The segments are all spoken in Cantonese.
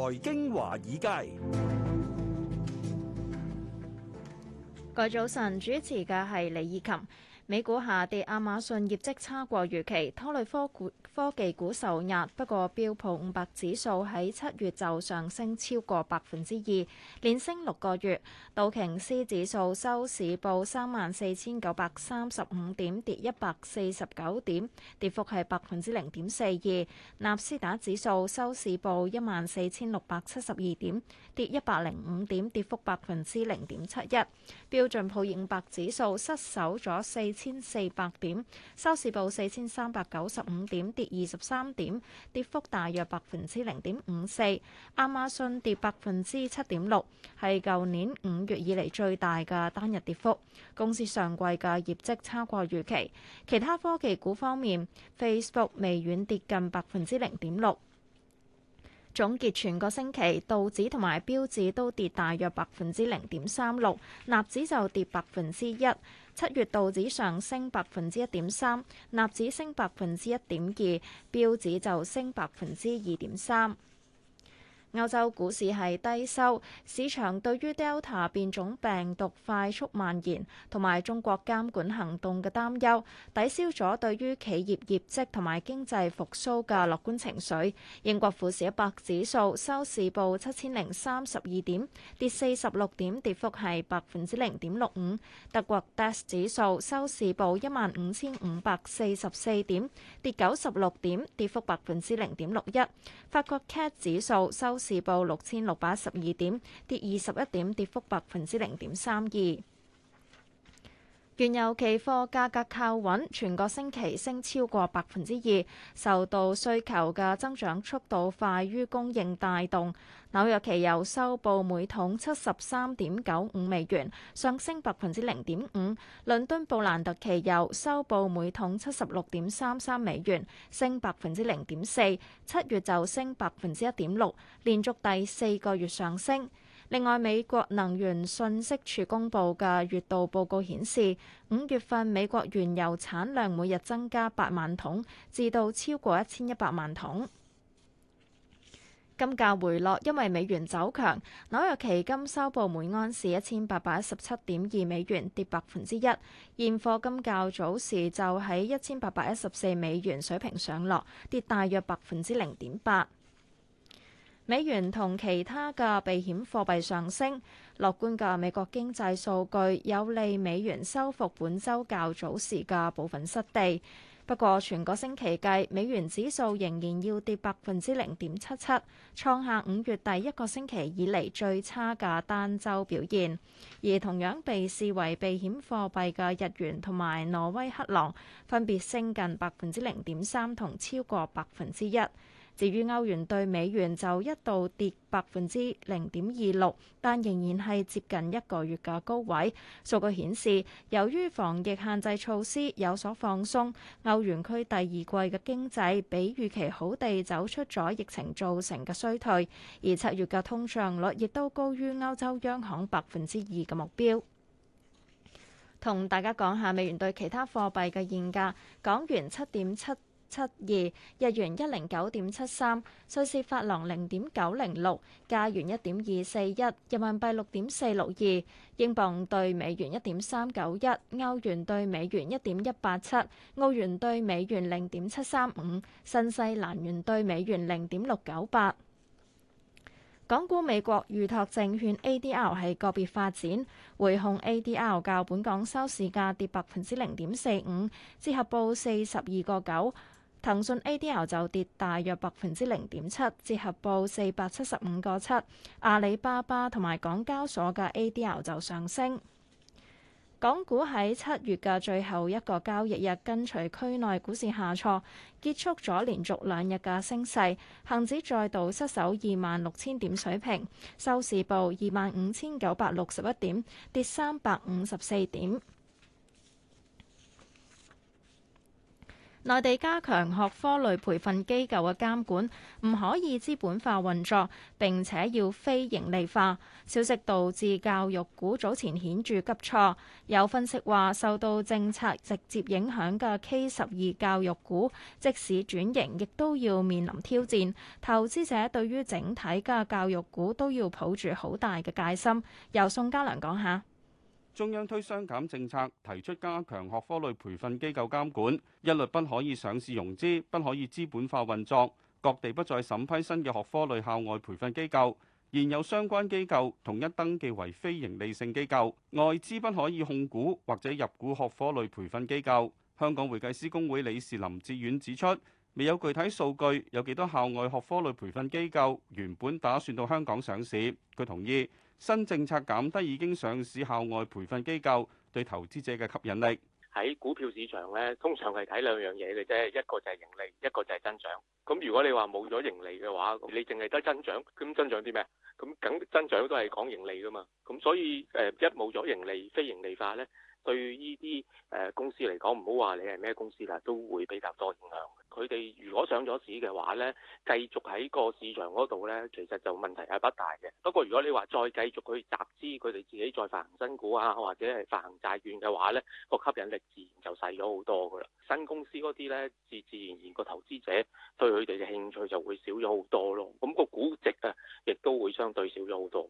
財經華爾街，個早晨主持嘅係李綺琴。美股下跌，亞馬遜業績差過預期，拖累科股科技股受壓。不過標普五百指數喺七月就上升超過百分之二，連升六個月。道瓊斯指數收市報三萬四千九百三十五點，跌一百四十九點，跌幅係百分之零點四二。納斯達克指數收市報一萬四千六百七十二點，跌一百零五點，跌幅百分之零點七一。標準普爾五百指數失守咗四。千四百點，收市報四千三百九十五點，跌二十三點，跌幅大約百分之零點五四。亞馬遜跌百分之七點六，係舊年五月以嚟最大嘅單日跌幅。公司上季嘅業績超過預期。其他科技股方面，Facebook 微軟跌近百分之零點六。總結全個星期，道指同埋標指都跌大約百分之零點三六，納指就跌百分之一。七月道指上升百分之一點三，納指升百分之一點二，標指就升百分之二點三。歐洲股市係低收，市場對於 Delta 變種病毒快速蔓延同埋中國監管行動嘅擔憂，抵消咗對於企業業績同埋經濟復甦嘅樂觀情緒。英國富時一百指數收市報七千零三十二點，跌四十六點，跌幅係百分之零點六五。德國 DAX 指數收市報一萬五千五百四十四點，跌九十六點，跌幅百分之零點六一。法國 CAC 指數收市報六千六百十二點，跌二十一點，跌幅百分之零點三二。原油期貨價格靠穩，全個星期升超過百分之二，受到需求嘅增長速度快於供應帶動。紐約期油收報每桶七十三點九五美元，上升百分之零點五。倫敦布蘭特期油收報每桶七十六點三三美元，升百分之零點四。七月就升百分之一點六，連續第四個月上升。另外，美國能源信息處公布嘅月度報告顯示，五月份美國原油產量每日增加八萬桶，至到超過一千一百萬桶。金價回落，因為美元走強。紐約期金收報每安士一千八百一十七點二美元，跌百分之一。現貨金較早時就喺一千八百一十四美元水平上落，跌大約百分之零點八。美元同其他嘅避險貨幣上升，樂觀嘅美國經濟數據有利美元收復本周較早時嘅部分失地。不過，全個星期計，美元指數仍然要跌百分之零點七七，創下五月第一個星期以嚟最差嘅單周表現。而同樣被視為避險貨幣嘅日元同埋挪威克朗分別升近百分之零點三同超過百分之一。至於歐元對美元就一度跌百分之零點二六，但仍然係接近一個月嘅高位。數據顯示，由於防疫限制措施有所放鬆，歐元區第二季嘅經濟比預期好地走出咗疫情造成嘅衰退，而七月嘅通脹率亦都高於歐洲央行百分之二嘅目標。同大家講下美元對其他貨幣嘅現價，港元七點七。七二，日元一零九點七三，瑞士法郎零點九零六，加元一點二四一，人民幣六點四六二，英鎊對美元一點三九一，歐元對美元一點一八七，澳元對美元零點七三五，新西蘭元對美元零點六九八。港股美國預託證券 ADR 係個別發展，匯控 ADR 較本港收市價跌百分之零點四五，折合報四十二個九。騰訊 ADR 就跌大約百分之零點七，折合報四百七十五個七。阿里巴巴同埋港交所嘅 ADR 就上升。港股喺七月嘅最後一個交易日，跟隨區內股市下挫，結束咗連續兩日嘅升勢，恒指再度失守二萬六千點水平，收市報二萬五千九百六十一點，跌三百五十四點。內地加強學科類培訓機構嘅監管，唔可以資本化運作，並且要非盈利化，消息導致教育股早前顯著急挫。有分析話，受到政策直接影響嘅 K12 教育股，即使轉型，亦都要面臨挑戰。投資者對於整體嘅教育股都要抱住好大嘅戒心。由宋嘉良講下。中央推雙減政策，提出加強學科類培訓機構監管，一律不可以上市融資，不可以資本化運作。各地不再審批新嘅學科類校外培訓機構，現有相關機構統一登記為非營利性機構，外資不可以控股或者入股學科類培訓機構。香港會計師公會理事林志遠指出，未有具體數據，有幾多校外學科類培訓機構原本打算到香港上市。佢同意。新政策減低已經上市校外培訓機構對投資者嘅吸引力。喺股票市場咧，通常係睇兩樣嘢嚟啫，一個就係盈利，一個就係增長。咁如果你話冇咗盈利嘅話，你淨係得增長，咁增長啲咩？咁梗增長都係講盈利㗎嘛。咁所以誒，一冇咗盈利，非盈利化咧。對呢啲誒公司嚟講，唔好話你係咩公司啦，都會比較多影響。佢哋如果上咗市嘅話呢，繼續喺個市場嗰度呢，其實就問題係不大嘅。不過如果你話再繼續去集資，佢哋自己再發行新股啊，或者係發行債券嘅話呢，個吸引力自然就細咗好多噶啦。新公司嗰啲呢，自自然然個投資者對佢哋嘅興趣就會少咗好多咯。咁，個估值啊，亦都會相對少咗好多。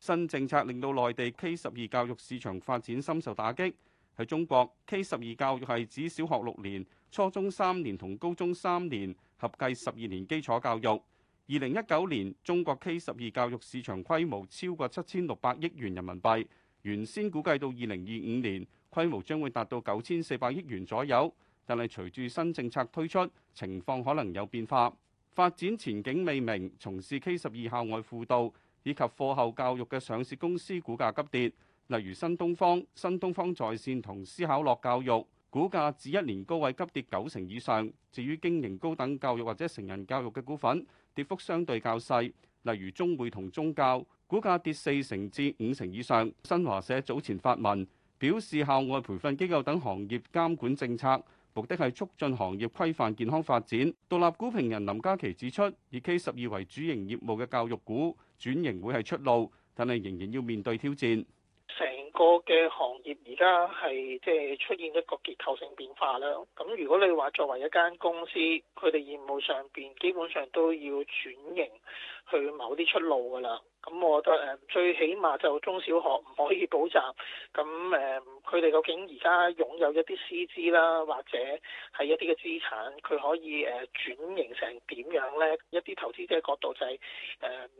新政策令到內地 K 十二教育市場發展深受打擊。喺中國，K 十二教育係指小學六年、初中三年同高中三年，合計十二年基礎教育。二零一九年中國 K 十二教育市場規模超過七千六百億元人民幣，原先估計到二零二五年規模將會達到九千四百億元左右。但係隨住新政策推出，情況可能有變化，發展前景未明。從事 K 十二校外輔導以及課後教育嘅上市公司股價急跌，例如新東方、新東方在線同思考樂教育股價，至一年高位急跌九成以上。至於經營高等教育或者成人教育嘅股份，跌幅相對較細，例如中匯同中教股價跌四成至五成以上。新華社早前發文表示，校外培訓機構等行業監管政策目的係促進行業規範健康發展。獨立股評人林嘉琪指出，以 K 十二為主營業務嘅教育股。轉型會係出路，但係仍然要面對挑戰。成個嘅行業而家係即係出現一個結構性變化啦。咁如果你話作為一間公司，佢哋業務上邊基本上都要轉型去某啲出路㗎啦。咁我覺得誒最起碼就中小學唔可以補習。咁誒佢哋究竟而家擁有一啲師資啦，或者係一啲嘅資產，佢可以誒轉型成點樣呢？一啲投資者角度就係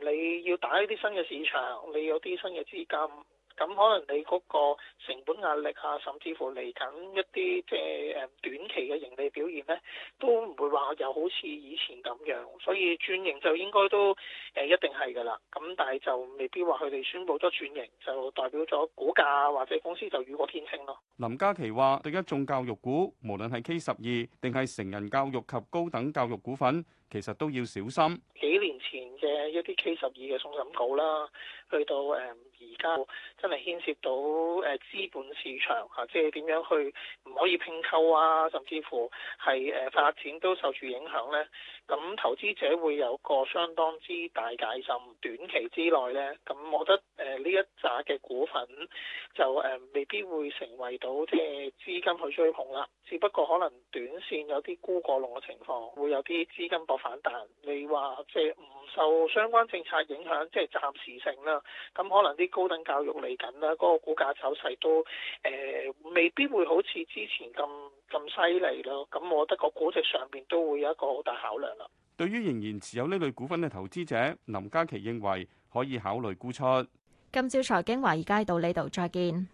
誒你要打一啲新嘅市場，你有啲新嘅資金。咁可能你嗰個成本壓力啊，甚至乎嚟緊一啲即係誒短期嘅盈利表現咧，都唔會話又好似以前咁樣，所以轉型就應該都誒一定係㗎啦。咁但係就未必話，佢哋宣布咗轉型就代表咗股價或者公司就雨過天晴咯。林嘉琪話，對一眾教育股，無論係 K 十二定係成人教育及高等教育股份，其實都要小心。幾年前嘅一啲 K 十二嘅送審稿啦，去到誒而家真係牽涉到誒資本市場嚇，即係點樣去唔可以併購啊，甚至乎係誒發展都受住影響呢。咁投資者會有個相當之大戒心，短期之內呢。咁我覺得。誒呢一紮嘅股份就誒未必會成為到即係資金去追捧啦，只不過可能短線有啲沽過龍嘅情況，會有啲資金博反彈。你話即係唔受相關政策影響，即係暫時性啦。咁可能啲高等教育嚟緊啦，嗰個股價走勢都誒未必會好似之前咁咁犀利咯。咁我覺得個估值上邊都會有一個好大考量啦。對於仍然持有呢類股份嘅投資者，林嘉琪認為可以考慮沽出。今朝財經華爾街到呢度，再見。